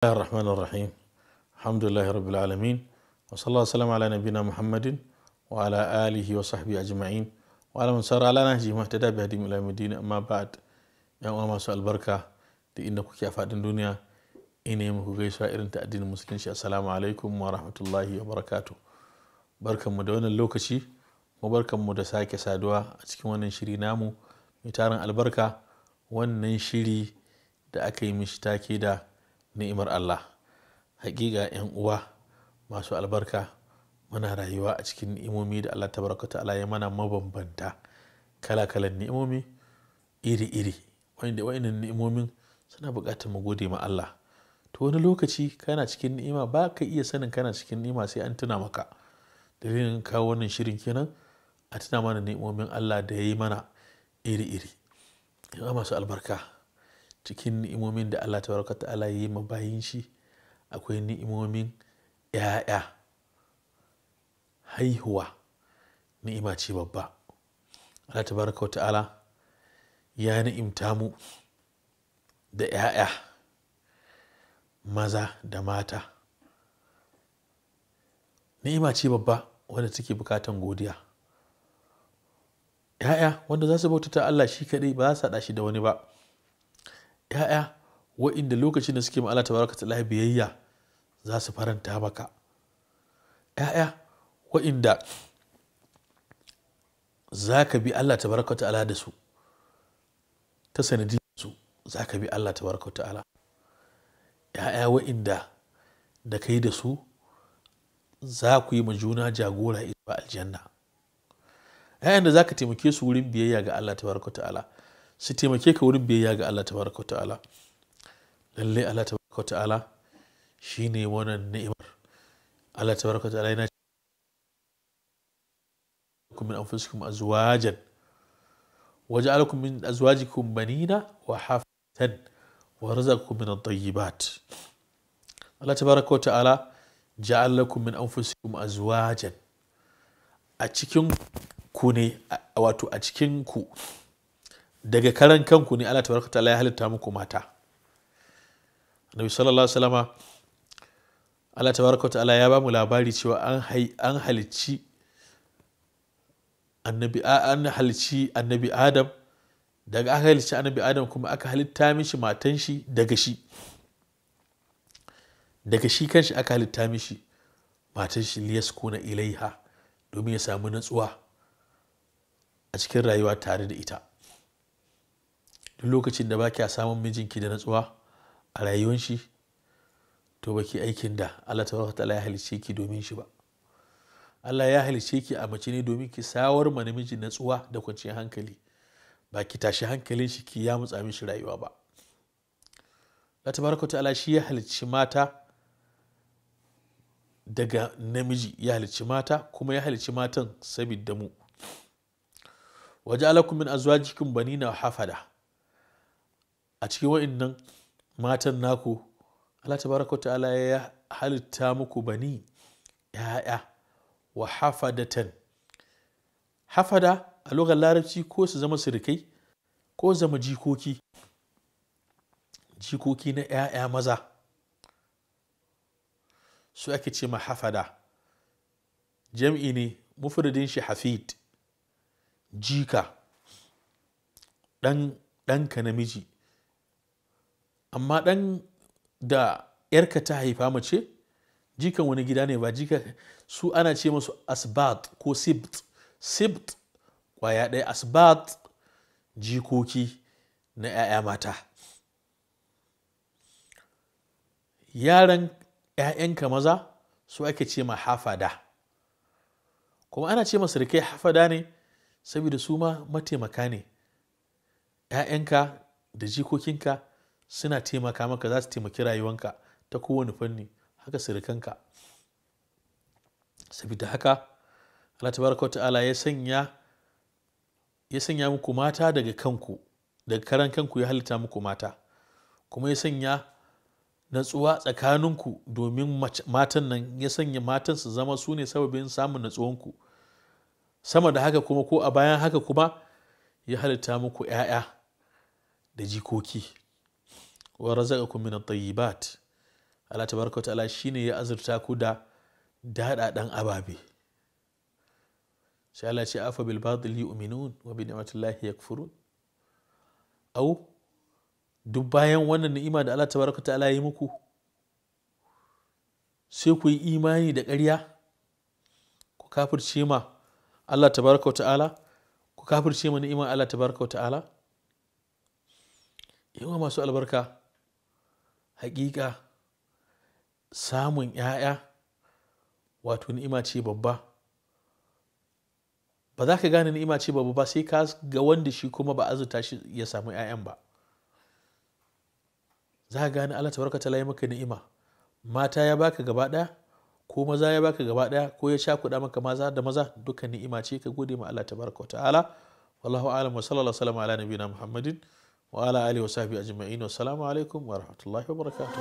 الله الرحمن الرحيم الحمد لله رب العالمين وصلى الله وسلم على نبينا محمد وعلى آله وصحبه أجمعين وعلى من سار على نهجه ما اهتدى بهدي إلى المدينة أما بعد يا أمام سؤال البركة دي إنك كيف الدنيا إني مكو غيسا إرن تأدين المسلمين السلام عليكم ورحمة الله وبركاته بركة مدونة اللوكشي وبركة مدساكي سادوا أتكي وانا شري نامو متارن البركة وانا شري da aka yi mishi take da ni'imar Allah hakika yan uwa masu albarka muna rayuwa a cikin ni'imomi da Allah ta baraka ta'ala ya mana mabambanta kala-kalan ni'imomi iri-iri wanda wa'inan ni'imomin suna buƙatar mu gode ma Allah to wani lokaci kana cikin ni'ima ba ka iya sanin kana cikin ni'ima sai an tuna maka dalilin kawo wannan shirin kenan a tuna mana ni'imomin Allah da ya yi mana iri-iri masu albarka cikin ni'imomin da Allah tabaraka ta'ala ya yi ma bayin shi akwai ni'imomin ‘ya'ya haihuwa ni'ima ce babba Allah baraka ta'ala ya ni'imta mu da ‘ya'ya maza da mata ni'ima ce babba wanda take bukatan godiya ‘ya'ya wanda za su ta Allah shi kaɗai ba za su haɗa shi da wani ba 'ya'ya wa'inda lokacin da suke ma'ala tabaraka ta'ala biyayya za su faranta maka 'ya'ya wa'inda za ka bi Allah tabaraka ta'ala da su ta sanadin su za ka bi Allah tabaraka ta'ala 'ya'ya wa'inda da kai da su za ku yi ma juna jagora ba aljanna 'ya'yan da za ka taimake su wurin biyayya ga Allah tabaraka ta'ala su taimake ka wurin biyayya ga Allah tabaraka ta'ala lalle Allah tabaraka ta'ala shine wannan ni'imar Allah tabaraka ta'ala yana kun min anfusikum azwajan waja'alakum min azwajikum banina wa hafatan wa razaqakum min at-tayyibat Allah tabaraka ta'ala ja'alakum min anfusikum azwajan a cikin ku ne wato a cikin ku daga karan kanku ne Allah tabaraka ta'ala ya halitta muku mata Nabi sallallahu alaihi wasallama Allah tabaraka ta'ala ya ba mu labari cewa an an halicci annabi an halicci annabi Adam daga aka halicci annabi Adam kuma aka halitta mishi matan shi daga shi daga shi kanshi aka halitta mishi matan shi kuna ilaiha domin ya samu natsuwa a cikin rayuwa tare da ita duk lokacin da ba kya samun mijinki da natsuwa a rayuwar shi to baki aikin da Allah ta wata ya halice ki domin shi ba Allah ya halice ki a mace ne domin ki sawar ma namiji natsuwa da kwanciyar hankali ba ki tashi hankalin shi ki ya mutsa mishi rayuwa ba Allah baraka ta'ala shi ya halicci mata daga namiji ya halicci mata kuma ya halicci matan sabida mu waje alakumin azuwa jikin bani banina hafada a cikin wa'innan matan naku Allah tabaraka ta'ala ya halitta muku bani ya'ya wa hafadatan hafada a lokacin larabci ko su zama sirikai ko zama jikoki jikoki na ‘ya'ya maza su ake ce ma hafada jam'i ne mufridin shi hafid jika ɗanka namiji amma ɗan da ‘yarka ta haifa mace jikan wani gida ne ba jika su ana ce masu asbat ko sibt sibt kwaya ɗaya asbat jikoki na 'ya'ya mata yaran 'ya'yanka maza su ake ce ma hafada kuma ana ce masu rikai hafada ne saboda su ma mataimaka ne 'ya'yanka da jikokinka suna taimaka maka za su taimaki rayuwanka ta kowane fanni haka sirikanka saboda haka Allah tabaraka ta'ala ya sanya ya sanya muku mata daga kanku daga karan kanku ya halitta muku mata kuma ya sanya natsuwa tsakaninku domin matan nan ya sanya matan su zama su ne sababin samun natsuwanku sama da haka kuma ko a bayan haka kuma ya halitta muku 'ya'ya da jikoki wa razaqakum min at-tayyibat Allah tabaraka ta'ala shine ya azurta ku da daɗaɗan ababe sai Allah ce afa bil batil yu'minun wa bi ni'matillahi yakfurun au duk bayan wannan ni'ima da Allah tabaraka ta'ala yi muku sai ku yi imani da ƙarya ku kafirce ma Allah tabaraka ta'ala ku kafirce ma ni'imar Allah tabaraka ta'ala yawa masu albarka haƙiƙa samun ‘ya'ya wato ni'ima ce babba ba za ka gane ni'ima ce babba ba sai ka ga wanda shi kuma ba azuta shi ya samu ‘ya'yan ba za ka gane Allah tabaraka ta maka ni'ima mata ya baka gaba ɗaya ko maza ya baka gaba ɗaya ko ya sha kuɗa maka maza da maza dukkan ni'ima ce ka gode ma Allah tabaraka ta'ala wallahu a'lam wa sallallahu alaihi wa sallam ala nabiyina muhammadin wa ala alihi wa sahbihi ajma'in wa assalamu alaikum wa rahmatullahi wa barakatuh